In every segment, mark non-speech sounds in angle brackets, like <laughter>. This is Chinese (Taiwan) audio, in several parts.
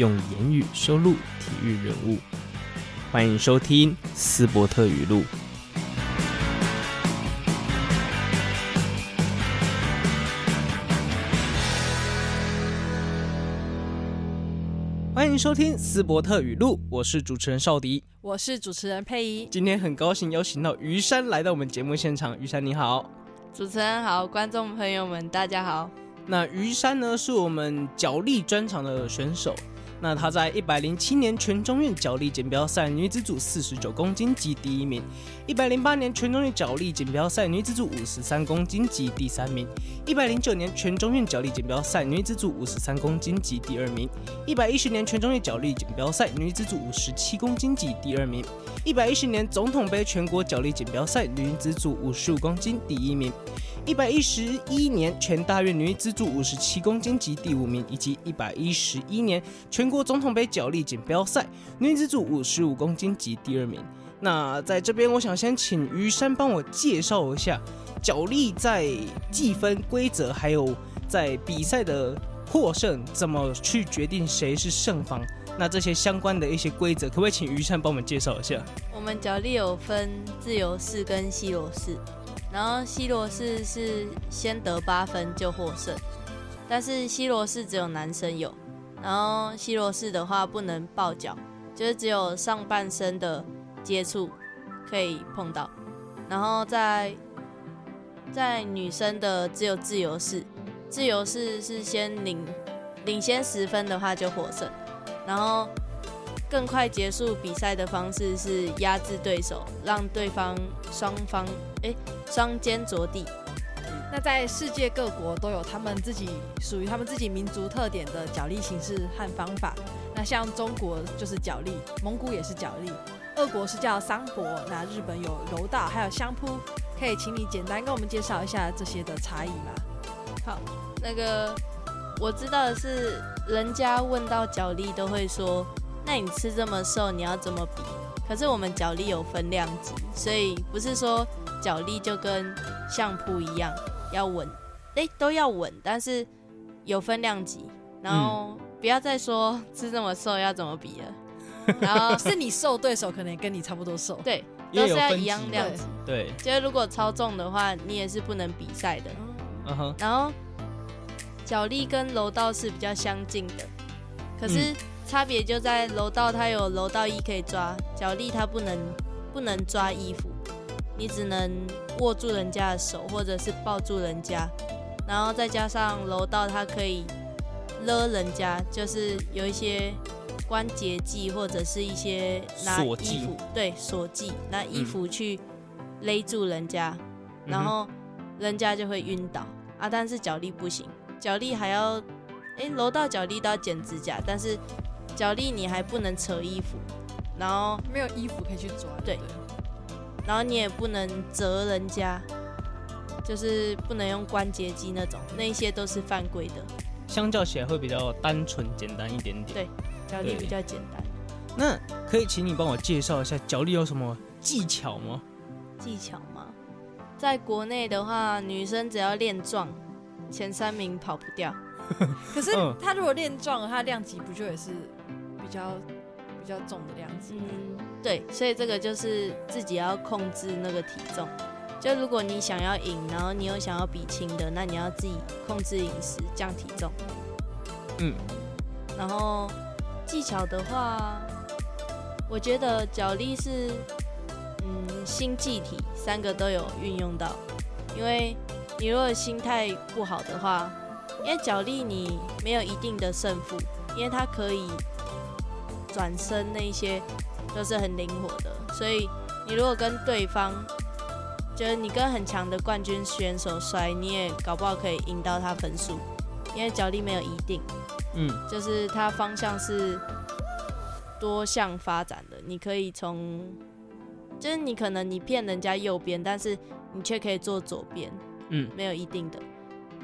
用言語收錄體育人物，歡迎收聽斯伯特語錄。歡迎收聽斯伯特語錄，我是主持人少迪，我是主持人佩儀。今天很高興邀請到伃姍來到我們節目現場，伃姍你好。主持人好，觀眾朋友們大家好。那伃姍呢是我們角力專場的選手。那她在一百零七年全中運角力錦標賽女子組四十九公斤級第一名，一百零八年全中運角力錦標賽女子組五十三公斤級第三名，一百零九年全中運角力錦標賽女子組五十三公斤級第二名，一百一十年全中運角力錦標賽女子組五十七公斤級第二名，一百一十年總統盃全國角力錦標賽女子組五十五公斤第一名。一百一十一年全大運女子組五十七公斤級第五名，以及一百一十一年全國總統盃角力錦標賽女子組五十五公斤級第二名。那在這邊，我想先請伃姍幫我介紹一下角力在計分規則，還有在比賽的獲勝怎麼去決定誰是勝方。那這些相關的一些規則，可不可以請伃姍幫我們介紹一下？我們角力有分自由式跟希羅式。然後希羅式是先得八分就獲勝，但是希羅式只有男生有。然後希羅式的話不能抱腳，就是只有上半身的接觸可以碰到。然後在在女生的只有自由式，自由式是先領領先十分的話就獲勝。然後更快結束比賽的方式是壓制對手，讓對方雙方哎、雙、欸、肩着地、嗯。那在世界各國都有他們自己屬於他們自己民族特點的角力形式和方法。那像中國就是角力，蒙古也是角力，俄國是叫桑博。那日本有柔道，還有相撲。可以請你簡單跟我們介紹一下這些的差異嗎？好，那個我知道的是，人家問到角力都會說。那你吃這麼瘦，你要怎麼比？可是我們角力有分量級，所以不是說角力就跟相撲一樣要穩，哎、欸，都要穩，但是有分量級。然後、嗯、不要再說吃這麼瘦要怎麼比了。然後是你瘦，對手可能也跟你差不多瘦。 <laughs> 對，都是要一樣量級。對，就是如果超重的話，你也是不能比賽的、uh -huh。然後角力跟柔道是比較相近的，可是。嗯差別就在柔道，它有柔道衣可以抓角力，它不能不能抓衣服，你只能握住人家的手或者是抱住人家，然後再加上柔道它可以勒人家，就是有一些關節技或者是一些拿衣服對鎖技拿衣服去勒住人家，嗯、然後人家就會暈倒、嗯、啊。但是角力不行，角力還要誒，柔道角力都要剪指甲，但是。角力你還不能扯衣服，然後沒有衣服可以去抓。對，對。然後你也不能折人家，就是不能用關節技那種，那些都是犯規的。相較起來會比較單純簡單一點點，對，角力比較簡單。那可以請你幫我介紹一下角力有什麼技巧嗎？技巧嗎？在國內的話，女生只要練壯，前三名跑不掉。 <laughs> 可是她如果練壯，她、 <laughs> 嗯、量級不就也是？比較比較重的量級，嗯，對，所以這個就是自己要控制那個體重。就如果你想要贏，然後你又想要比輕的，那你要自己控制飲食，降體重。嗯。然後技巧的話，我覺得角力是，嗯，心技體三個都有運用到，因為你如果心態不好的話，因為角力你沒有一定的勝負，因為它可以。轉身那一些都是很靈活的，所以你如果跟對方，就是你跟很強的冠軍選手摔，你也搞不好可以贏到他分數，因為角力沒有一定，嗯，就是他方向是多向發展的，你可以從，就是你可能你騙人家右邊，但是你卻可以做左邊，嗯，沒有一定的。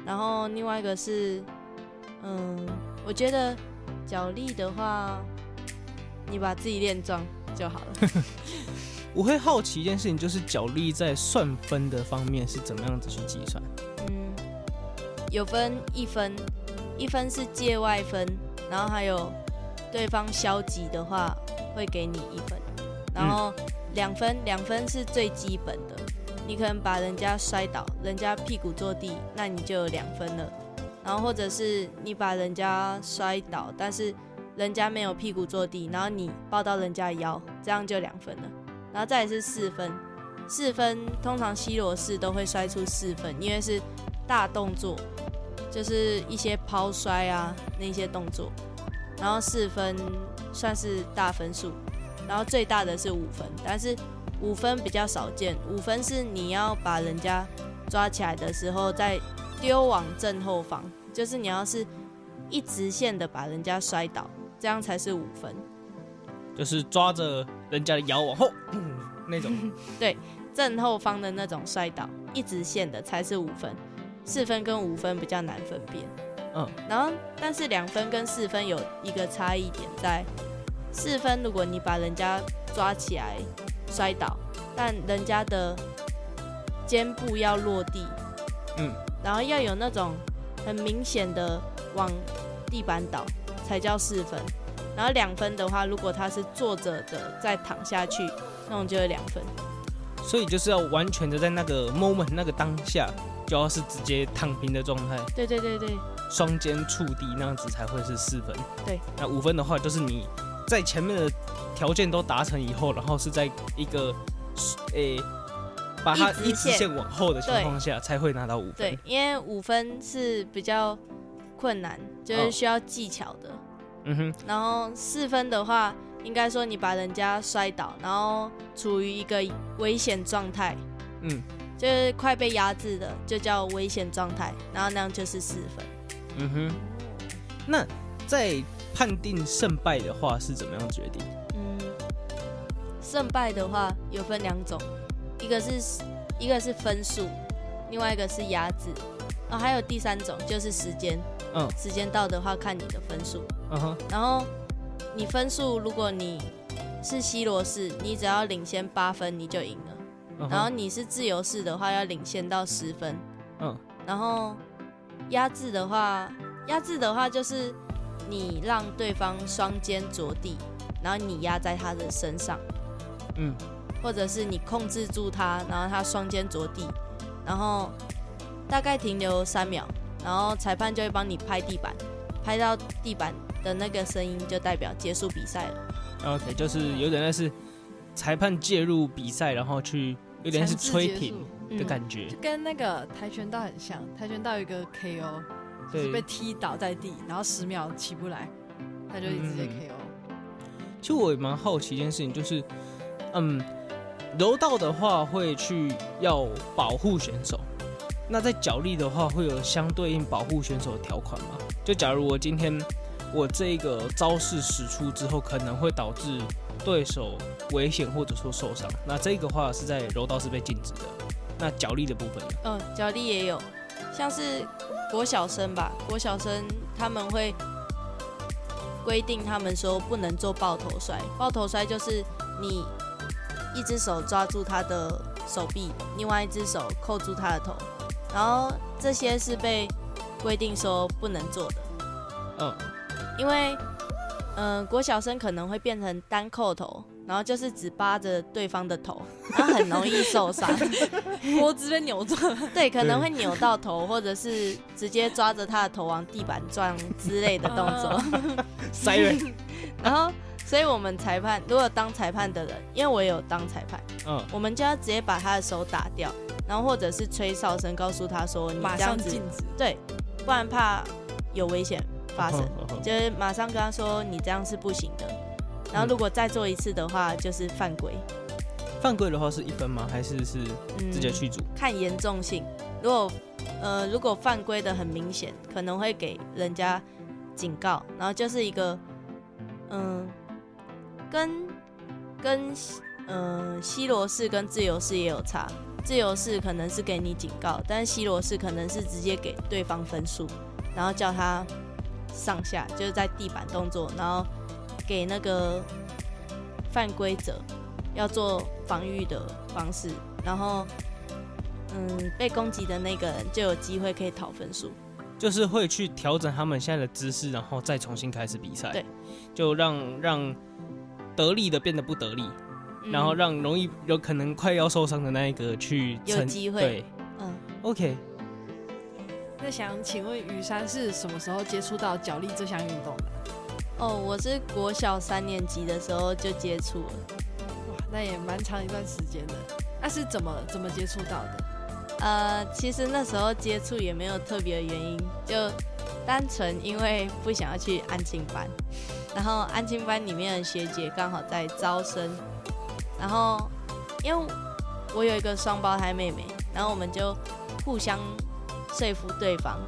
然後另外一個是，嗯，我覺得角力的話，你把自己練壯就好了 <laughs> 我會好奇一件事情，就是角力在算分的方面是怎麼樣子去計算？嗯，有分一分，一分是界外分，然後還有對方消極的話會給你一分，然後兩分、嗯，兩分是最基本的。你可能把人家摔倒，人家屁股坐地，那你就有兩分了。然後或者是你把人家摔倒，但是人家沒有屁股坐地，然後你抱到人家腰，這樣就兩分了。然後再是四分，四分通常希羅式都會摔出四分，因為是大動作，就是一些拋摔啊那些動作。然後四分算是大分數，然後最大的是五分，但是五分比較少見。五分是你要把人家抓起來的時候再丟往正後方，就是你要是一直線的把人家摔倒。這樣才是五分，就是抓着人家的腰往後那種， <laughs> 對，正後方的那種摔倒，一直線的才是五分，四分跟五分比較難分辨。嗯，然後但是兩分跟四分有一個差異點在，四分如果你把人家抓起來摔倒，但人家的肩部要落地，嗯，然後要有那種很明顯的往地板倒。才叫四分，然後兩分的話，如果他是坐着的再躺下去，那種就是兩分。所以就是要完全的在那個 moment 那個當下，就要是直接躺平的狀態。對對對對，雙肩觸地那樣子才會是四分。對，那五分的話，就是你在前面的條件都達成以後，然後是在一個，誒、欸，把它一直線往後的情況下才會拿到五分。對，因為五分是比較。困難就是需要技巧的。哦，嗯哼。然後四分的話，應該說你把人家摔倒，然後處於一個危險狀態，嗯，就是快被壓制的，就叫危險狀態。然後那樣就是四分，嗯哼。那在判定勝敗的話是怎麼樣決定？嗯，勝敗的話有分兩種，一個是一個是分數，另外一個是壓制。然後還有第三種就是時間。嗯、oh.，時間到的話，看你的分數。嗯哼。然後你分數，如果你是希羅式，你只要領先八分你就贏了。Uh -huh. 然後你是自由式的話，要領先到十分。嗯、uh -huh.。然後壓制的話，壓制的話就是你讓對方雙肩着地，然後你壓在他的身上。嗯、uh -huh.。或者是你控制住他，然後他雙肩着地，然後大概停留三秒。然後裁判就會幫你拍地板，拍到地板的那個聲音就代表結束比賽了。OK，就是有點類似裁判介入比賽，然後去有點像是吹停的感覺。嗯，就跟那個跆拳道很像。跆拳道有一個 KO，就是被踢倒在地，然後十秒起不來，他就直接 KO。嗯，其實我也蠻好奇一件事情，就是，嗯，柔道的話會去要保護選手。那在角力的話，會有相對應保護選手的條款嗎？就假如我今天我這個招式使出之後，可能會導致對手危險或者說受傷，那這個話是在柔道是被禁止的。那角力的部分呢，嗯、呃，角力也有，像是國小生吧，國小生他們會規定他們說不能做抱頭摔，抱頭摔就是你一隻手抓住他的手臂，另外一隻手扣住他的頭。然後這些是被規定說不能做的，uh. 因為嗯、呃、國小生可能會變成單扣頭，然後就是只扒着對方的頭， <laughs> 然後很容易受傷，脖子被扭斷。對，可能會扭到頭，或者是直接抓着他的頭往地板撞之類的動作。Uh. <laughs> <laughs> <laughs> 然後，所以我們裁判如果當裁判的人，因為我也有當裁判，嗯、uh.，我們就要直接把他的手打掉。然後或者是吹哨聲告訴他說，你這樣子，對，不然怕有危險發生，就是馬上跟他說你這樣是不行的。然後如果再做一次的話，就是犯規。犯規的話是一分嗎？還是是直接驅逐、嗯？看嚴重性，如果呃如果犯規的很明顯，可能會給人家警告，然後就是一個嗯、呃，跟跟、呃、希羅式跟自由式也有差。自由式可能是給你警告，但是希羅式可能是直接給對方分數，然後叫他上下，就是在地板動作，然後給那個犯規者要做防禦的方式，然後嗯，被攻擊的那個人就有機會可以討分數，就是會去調整他們現在的姿勢，然後再重新開始比賽，對，就讓讓得力的變得不得力。嗯、然後讓容易有可能快要受傷的那一個去有機會，嗯，OK。那想請問伃姍是什麼時候接觸到角力這項運動的？哦，我是國小三年級的時候就接觸了。哇，那也蠻長一段時間的。那是怎麼怎麼接觸到的？呃，其實那時候接觸也沒有特別的原因，就單純因為不想要去安靜班，然後安靜班裡面的學姐剛好在招生。然後，因為我有一個雙胞胎妹妹，然後我們就互相說服對方，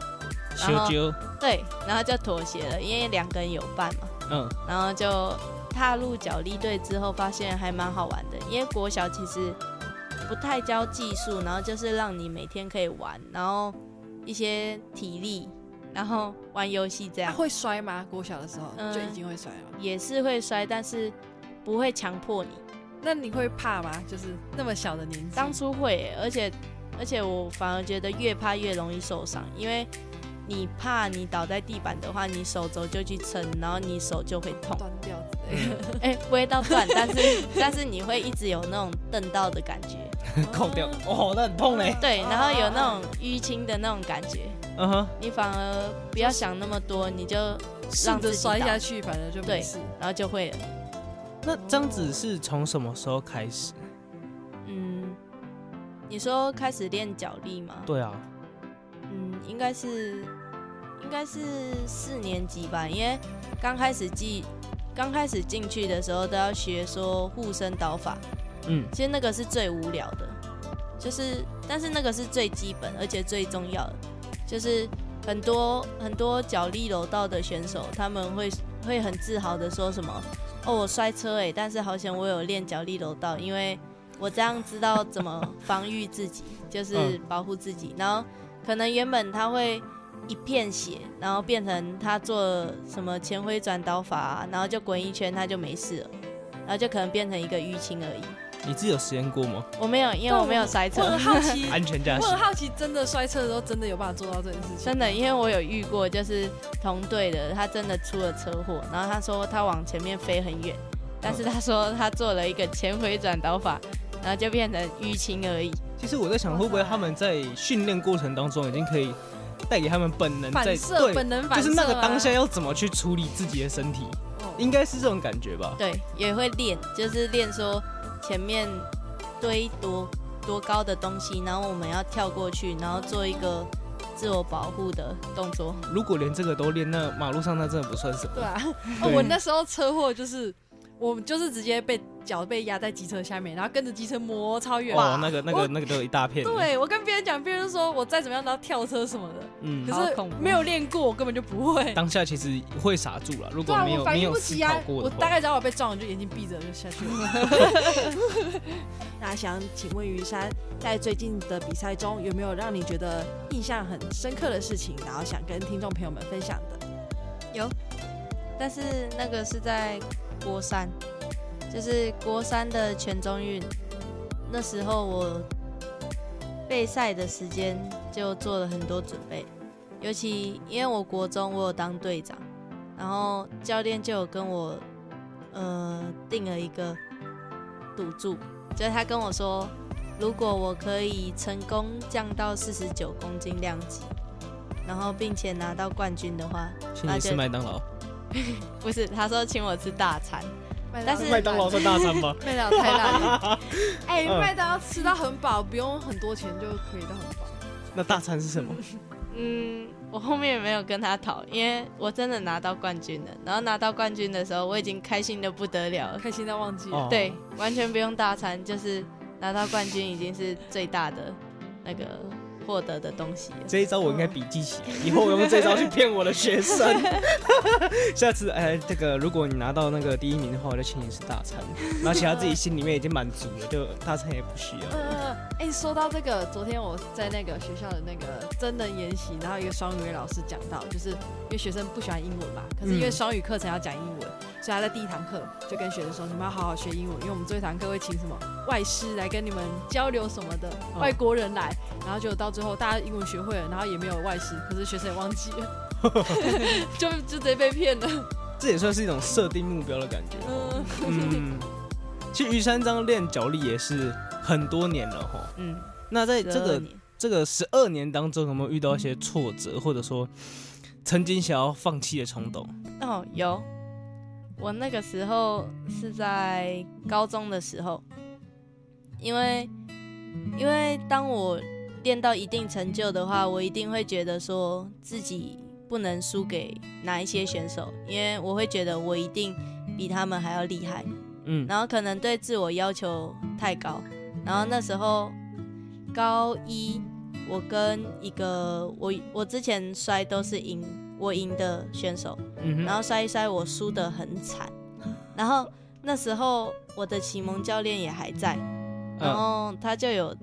然後對，然後就妥協了。因為兩個人有伴嘛，嗯，然後就踏入角力隊之後，發現還蠻好玩的。因為國小其實不太教技術，然後就是讓你每天可以玩，然後一些體力，然後玩遊戲這樣。啊，會摔嗎？國小的時候，嗯，就已經會摔了，也是會摔，但是不會強迫你。那你會怕嗎？就是那麼小的年紀，當初會、欸，而且，而且我反而覺得越怕越容易受傷，因為你怕你倒在地板的話，你手肘就去撐，然後你手就會痛斷掉之類的，哎、 <laughs> 欸，不會到斷，但是 <laughs> 但是你會一直有那種瞪到的感覺，扣掉哦，哦，那很痛嘞，對，然後有那種淤青的那種感覺，嗯、啊、哼、啊啊啊，你反而不要想那麼多，嗯、你就讓自己着摔下去，反正就對，然後就會了。那這樣子是從什麼時候開始？嗯，你說開始練角力嗎？對啊。嗯，應該是應該是四年級吧，因為剛開始進剛開始進去的時候都要學說護身倒法。嗯，其實那個是最無聊的，就是但是那個是最基本而且最重要的，就是很多很多角力柔道的選手他們會會很自豪的說什麼？哦，我摔車哎，但是好險，我有練角力柔道，因為我這樣知道怎麼防禦自己， <laughs> 就是保護自己、嗯。然後可能原本他會一片血，然後變成他做了什麼前迴轉刀法，然後就滾一圈他就沒事了，然後就可能變成一個淤青而已。你自己有實驗過嗎？我沒有，因為我沒有摔車。我很好奇 <laughs> 安全駕駛，我很好奇真的摔車的時候，真的有辦法做到這件事情。真的，因為我有遇過，就是同隊的他真的出了車禍，然後他說他往前面飛很遠、嗯，但是他說他做了一個前回轉倒法，然後就變成淤青而已。其實我在想，會不會他們在訓練過程當中已經可以帶給他們本能在反射，對，本能反射、啊，就是那個當下要怎麼去處理自己的身體，哦、應該是這種感覺吧？對，也會練，就是練說。前面堆多多高的東西，然後我們要跳過去，然後做一個自我保護的動作。如果連這個都練，那馬路上那真的不算什麼。對啊， <laughs> 對。哦，我那時候車禍就是，我就是直接被。腳被壓在機車下面，然後跟着機車磨超遠，啊。哇，那個、那個、那個都有一大片。對，我跟別人講，別人說我再怎麼樣都要跳車什麼的。嗯，可是沒有練過，我根本就不會。當下其實會傻住了，如果沒有沒、啊、不起、啊、沒過，我大概知道我被撞了，就眼睛閉着就下去了。 <laughs> <laughs> 那想請問伃姍，在最近的比賽中有沒有讓你覺得印象很深刻的事情？然後想跟聽眾朋友們分享的？有，但是那個是在郭山。就是國三的全中運，那時候我備賽的時間就做了很多準備，尤其因為我國中我有當隊長，然後教練就有跟我，呃，定了一個賭注，就是他跟我說，如果我可以成功降到四十九公斤量級，然後並且拿到冠軍的話，請你吃麥當勞，不是，他說請我吃大餐。但是麥當勞算大餐嗎？味 <laughs> 道太大了。哎、欸，麥、嗯、當勞吃到很飽，不用很多錢就可以到很飽。那大餐是什麼？嗯，我後面也沒有跟他討，因為我真的拿到冠軍了。然後拿到冠軍的時候，我已經開心的不得了，開心到忘記了。對、哦，完全不用大餐，就是拿到冠軍已經是最大的那個。獲得的東西，這一招我應該筆記起來，哦，以後我用這一招去騙我的學生。 <laughs> <laughs> 下次，哎、欸，這個，如果你拿到那個第一名的話，我就請你吃大餐。然後其他自己心裡面已經滿足了，就大餐也不需要。哎、嗯、欸，說到這個，昨天我在那個學校的那個真人研習，然後一個雙語老師講到，就是因為學生不喜歡英文嘛，可是因為雙語課程要講英文。嗯所以他在第一堂課就跟學生說：“你們要好好學英文，因為我們這一堂課會請什麼外師來跟你們交流什麼的，外國人來。嗯”然後就到最後大家英文學會了，然後也沒有外師，可是學生也忘記了， <laughs> <laughs> 就就直接被騙了。這也算是一種設定目標的感覺、哦。嗯，其實伃姍張練角力也是很多年了哈、哦。嗯，那在這個這個十二年當中，有沒有遇到一些挫折，或者說曾經想要放棄的衝動？嗯、哦，有。我那個時候是在高中的時候，因為因為當我練到一定成就的話，我一定會覺得說自己不能輸給哪一些選手，因為我會覺得我一定比他們還要厲害。嗯，然後可能對自我要求太高。然後那時候高一，我跟一個我我之前摔都是贏，我贏的選手。然後摔一摔，我輸得很慘。然後那時候我的啟蒙教練也還在，然後他就有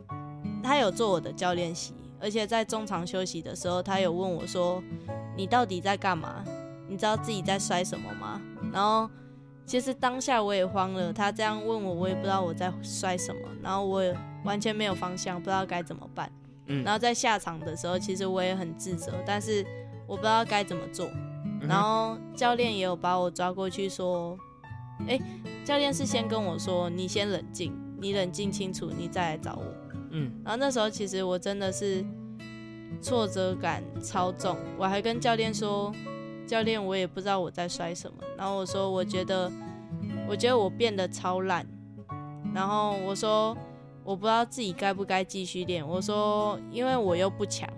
他有做我的教練席，而且在中場休息的時候，他有問我說：“你到底在幹嘛？你知道自己在摔什麼嗎？”然後其實當下我也慌了，他這樣問我，我也不知道我在摔什麼，然後我也完全沒有方向，不知道該怎麼辦。嗯。然後在下場的時候，其實我也很自責，但是我不知道該怎麼做。然後教練也有把我抓過去說：“哎，教練是先跟我說，你先冷靜，你冷靜清楚，你再來找我。”嗯。然後那時候其實我真的是挫折感超重，我還跟教練說：“教練，我也不知道我在摔什麼。”然後我說：“我覺得，我覺得我變得超爛。”然後我說：“我不知道自己該不該繼續練。”我說：“因為我又不強。”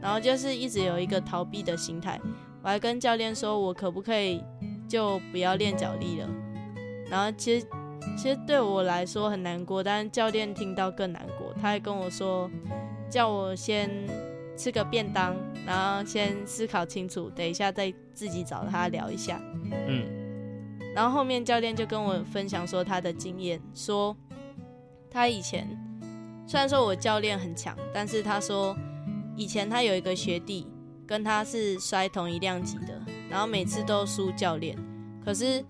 然後就是一直有一個逃避的心態。我還跟教練說，我可不可以就不要練角力了？然後其實其實對我來說很難過，但是教練聽到更難過。他還跟我說，叫我先吃個便當，然後先思考清楚，等一下再自己找他聊一下。嗯。然後後面教練就跟我分享說他的經驗，說他以前雖然說我教練很強，但是他說以前他有一個學弟。跟他是摔同一量級的，然後每次都輸教練。可是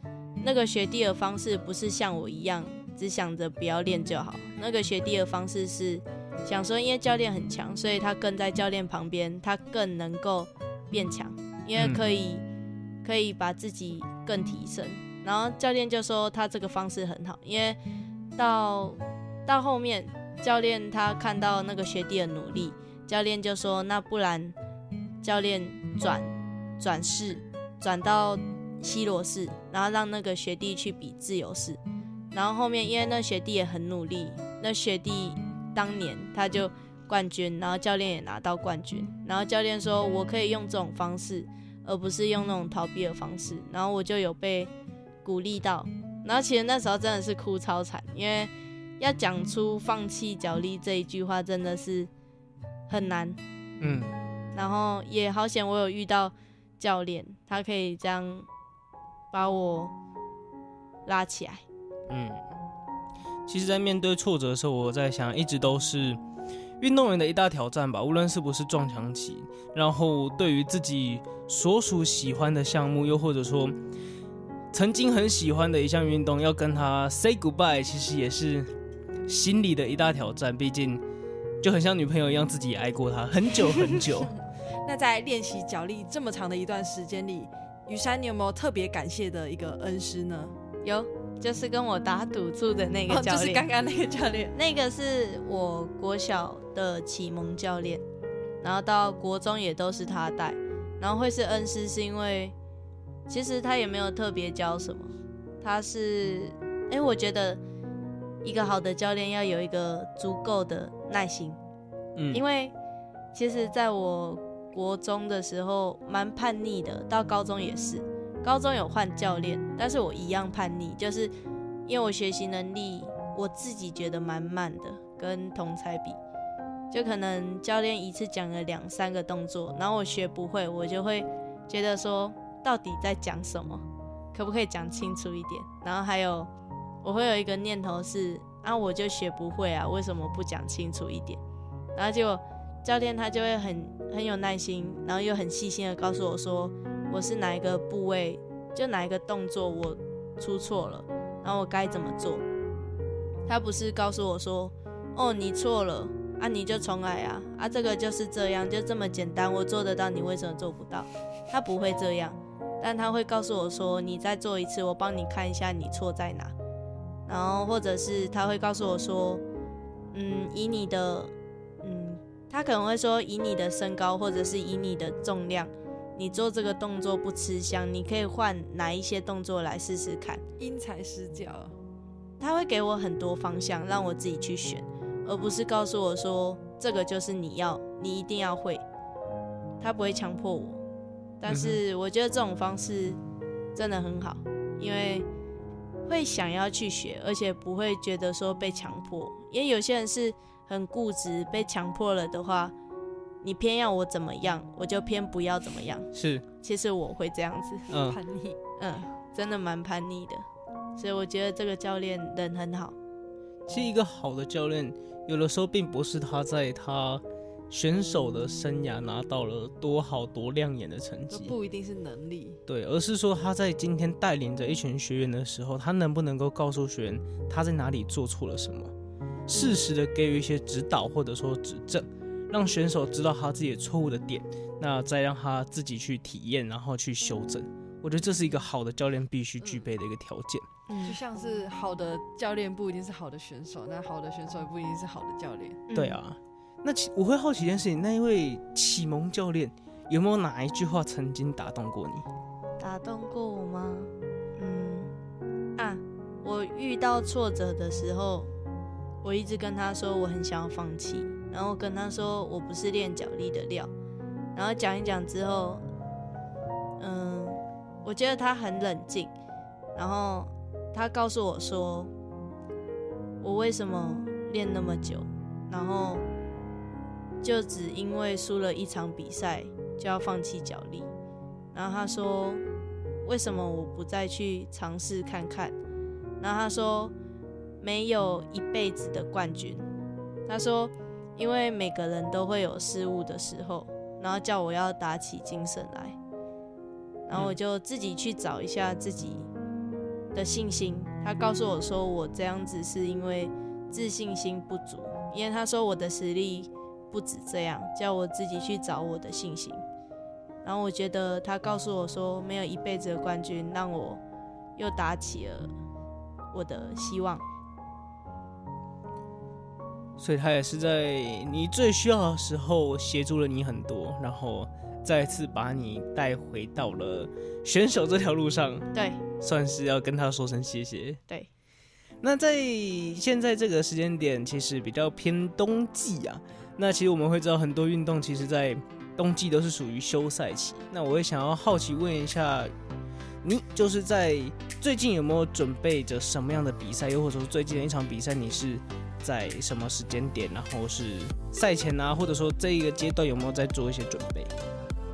那個學弟的方式不是像我一樣，只想着不要練就好。那個學弟的方式是想說，因為教練很強，所以他跟在教練旁邊，他更能夠變強，因為可以可以把自己更提升。然後教練就說他這個方式很好，因為到到後面，教練他看到那個學弟的努力，教練就說那不然。教練轉轉式，轉到希羅式，然後讓那個學弟去比自由式。然後後面因為那學弟也很努力，那學弟當年他就冠軍，然後教練也拿到冠軍，然後教練說：“我可以用這種方式，而不是用那種逃避的方式。”然後我就有被鼓勵到，然後其實那時候真的是哭超慘，因為要講出放棄角力這一句話真的是很難，嗯。然後也好險，我有遇到教練，他可以這樣把我拉起來。嗯，其實，在面對挫折的時候，我在想，一直都是運動員的一大挑戰吧，無論是不是撞牆期。然後，對於自己所屬喜歡的項目，又或者說曾經很喜歡的一項運動，要跟他 say goodbye，其實也是心裡的一大挑戰。畢竟，就很像女朋友一樣，自己愛過他很久很久。 <laughs> 那在練習角力這麼長的一段時間裡，伃姍，你有沒有特別感謝的一個恩師呢？有，就是跟我打賭注的那個教練，哦，就是剛剛那個教練， <laughs> 那個是我國小的啟蒙教練，然後到國中也都是他帶，然後會是恩師，是因為其實他也沒有特別教什麼，他是，哎，欸，我覺得一個好的教練要有一個足夠的耐心，嗯，因為其實在我。國中的時候蠻叛逆的，到高中也是。高中有換教練，但是我一樣叛逆，就是因為我學習能力我自己覺得蠻慢的，跟同才比，就可能教練一次講了兩三個動作，然後我學不會，我就會覺得說到底在講什麼，可不可以講清楚一點？然後還有我會有一個念頭是啊，我就學不會啊，為什麼不講清楚一點？然後就。教練他就會很很有耐心，然後又很細心的告訴我說，我是哪一個部位，就哪一個動作我出錯了，然後我該怎麼做。他不是告訴我說，哦，你錯了啊，你就重來啊，啊這個就是這樣，就這麼簡單，我做得到，你為什麼做不到？他不會這樣，但他會告訴我說，你再做一次，我幫你看一下你錯在哪。然後或者是他會告訴我說，嗯，以你的。他可能會說，以你的身高或者是以你的重量，你做這個動作不吃香，你可以換哪一些動作來試試看。因材施教，他會給我很多方向讓我自己去選，而不是告訴我說這個就是你要，你一定要會。他不會強迫我，但是我覺得這種方式真的很好，因為會想要去學，而且不會覺得說被強迫，因為有些人是，很固執，被強迫了的話，你偏要我怎麼樣，我就偏不要怎麼樣。是，其實我會這樣子，很叛逆，嗯，真的蠻叛逆的。所以我覺得這個教練人很好。其實一個好的教練，有的時候並不是他在他選手的生涯拿到了多好多亮眼的成績，不一定是能力，對，而是說他在今天帶領着一群學員的時候，他能不能夠告訴學員他在哪裡做錯了什麼。適時的給予一些指導或者說指正，讓選手知道他自己錯誤的點，那再讓他自己去體驗，然後去修正。我覺得這是一個好的教練必須具備的一個條件。嗯，就像是好的教練不一定是好的選手，那好的選手也不一定是好的教練。對啊，那我會好奇一件事情，那一位啟蒙教練有沒有哪一句話曾經打動過你？打動過我嗎？嗯啊，我遇到挫折的時候。我一直跟他說我很想要放棄，然後跟他說我不是練角力的料，然後講一講之後，嗯，我覺得他很冷靜，然後他告訴我說，我為什麼練那麼久，然後就只因為輸了一場比賽就要放棄角力，然後他說為什麼我不再去嘗試看看，然後他說。沒有一輩子的冠軍，他說，因為每個人都會有失誤的時候，然後叫我要打起精神來，然後我就自己去找一下自己的信心。他告訴我說，我這樣子是因為自信心不足，因為他說我的實力不止這樣，叫我自己去找我的信心。然後我覺得他告訴我說沒有一輩子的冠軍，讓我又打起了我的希望。所以他也是在你最需要的時候協助了你很多，然後再次把你帶回到了選手這條路上。對，算是，要跟他說聲謝謝。對。那在現在這個時間點，其實比較偏冬季啊。那其實我們會知道很多運動，其實在冬季都是屬於休賽期。那我也想要好奇問一下，你就是在最近有沒有準備着什麼樣的比賽？又或者說最近的一場比賽，你是？在什麼時間點？然後是賽前啊，或者說這一個階段有沒有在做一些準備？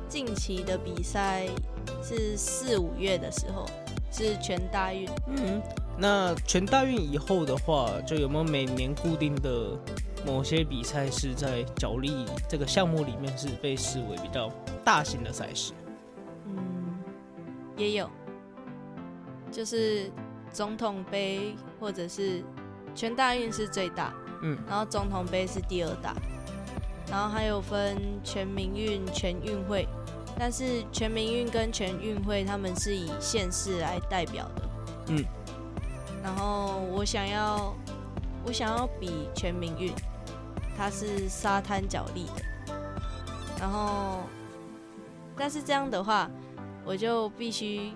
近期的比賽是四五月的時候，是全大運。嗯哼，那全大運以後的話，就有沒有每年固定的某些比賽是在角力這個項目裡面是被視為比較大型的賽事？嗯，也有，就是總統盃或者是。全大運是最大，嗯，然後總統杯是第二大，然後還有分全民運、全運會，但是全民運跟全運會他們是以縣市來代表的，嗯，然後我想要，我想要比全民運，它是沙灘角力的，然後，但是這樣的話，我就必須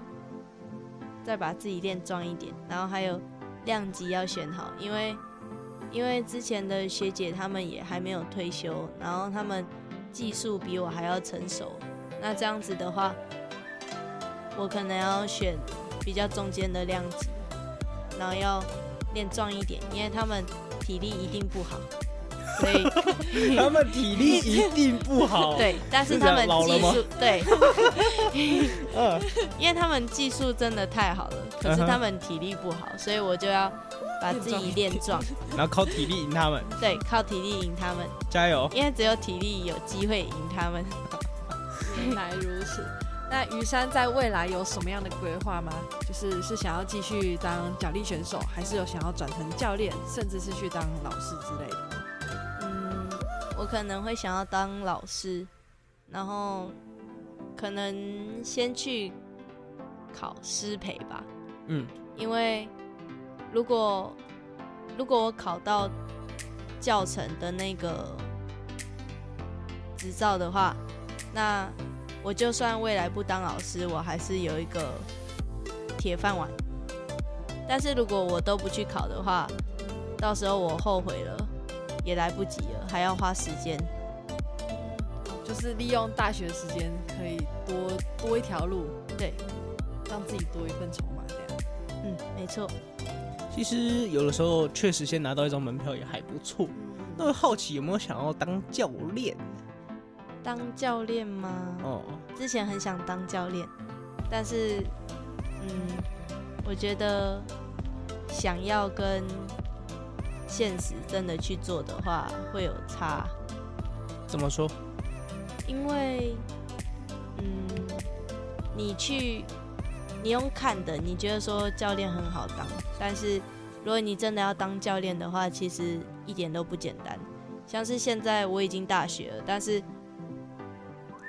再把自己練壯一點，然後還有。量級要選好，因為因為之前的學姐她們也還沒有退休，然後她們技術比我還要成熟，那這樣子的話，我可能要選比較中間的量級，然後要練壯一點，因為她們體力一定不好。所以他們體力一定不好，哦。 <laughs> 對，但是他們技術對。 <laughs> <laughs> 因為他們技術真的太好了， <laughs> 可是他們體力不好，所以我就要把自己練壯， <laughs> 然後靠體力贏他們。對，靠體力贏他們，加油！因為只有體力有機會贏他們。 <laughs> 原來如此。那伃姍在未來有什麼樣的規劃嗎？就是是想要繼續當角力選手，還是有想要轉成教練，甚至是去當老師之類的？我可能會想要當老師，然後可能先去考師培吧。嗯，因為如果如果我考到教程的那個執照的話，那我就算未來不當老師，我還是有一個鐵飯碗。但是如果我都不去考的話，到時候我後悔了。也來不及了，還要花時間，就是利用大學時間可以多多一條路，對，讓自己多一份籌碼，這樣，嗯，沒錯。其實有的時候確實先拿到一張門票也還不錯。那好奇有沒有想要當教練？當教練嗎？哦。之前很想當教練，但是，嗯，我覺得想要跟。現實真的去做的話，會有差。怎麼說？因為，嗯，你去，你用看的，你覺得說教練很好當，但是如果你真的要當教練的話，其實一點都不簡單。像是現在我已經大學了，但是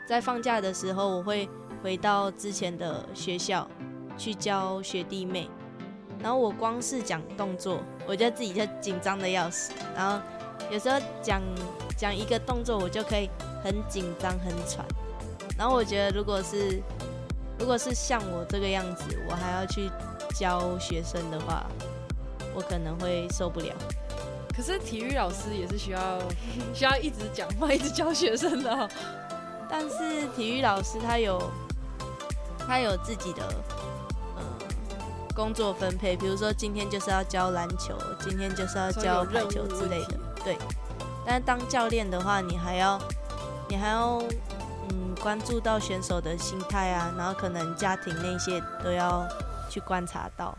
在放假的時候，我會回到之前的學校去教學弟妹，然後我光是講動作。我覺得自己就緊張得要死，然後有時候講講一個動作，我就可以很緊張、很喘。然後我覺得，如果是如果是像我這個樣子，我還要去教學生的話，我可能會受不了。可是體育老師也是需要需要一直講話、一直教學生的， <laughs> 但是體育老師他有他有自己的。工作分配，比如說今天就是要教籃球，今天就是要教排球之類的。的對，但是當教練的話，你還要，你還要，嗯，關注到選手的心態啊，然後可能家庭那些都要去觀察到，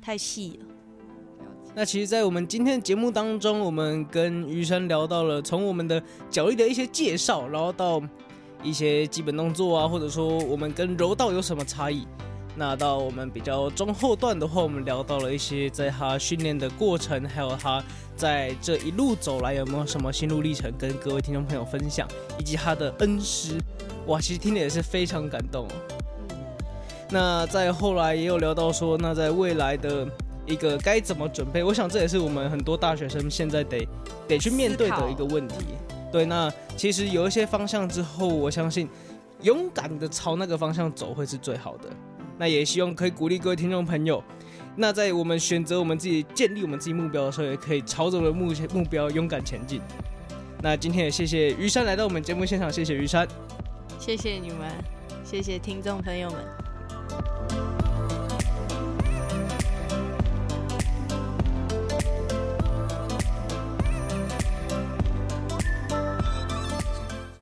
太細了、了。那其實，在我們今天節目當中，我們跟伃姍聊到了從我們的角力的一些介紹，然後到一些基本動作啊，或者說我們跟柔道有什麼差異。那到我們比較中後段的話，我們聊到了一些在他訓練的過程，還有他在這一路走來有沒有什麼心路歷程，跟各位聽眾朋友分享，以及他的恩師，哇，其實聽了也是非常感動。那在後來也有聊到說，那在未來的一個該怎麼準備，我想這也是我們很多大學生現在得得去面對的一個問題。對，那其實有一些方向之後，我相信勇敢的朝那個方向走會是最好的。那也希望可以鼓勵各位聽眾朋友，那在我們選擇我們自己建立我們自己目標的時候，也可以朝着我們的目目標勇敢前進。那今天也謝謝伃姍來到我們節目現場，謝謝伃姍，謝謝你們，謝謝聽眾朋友們。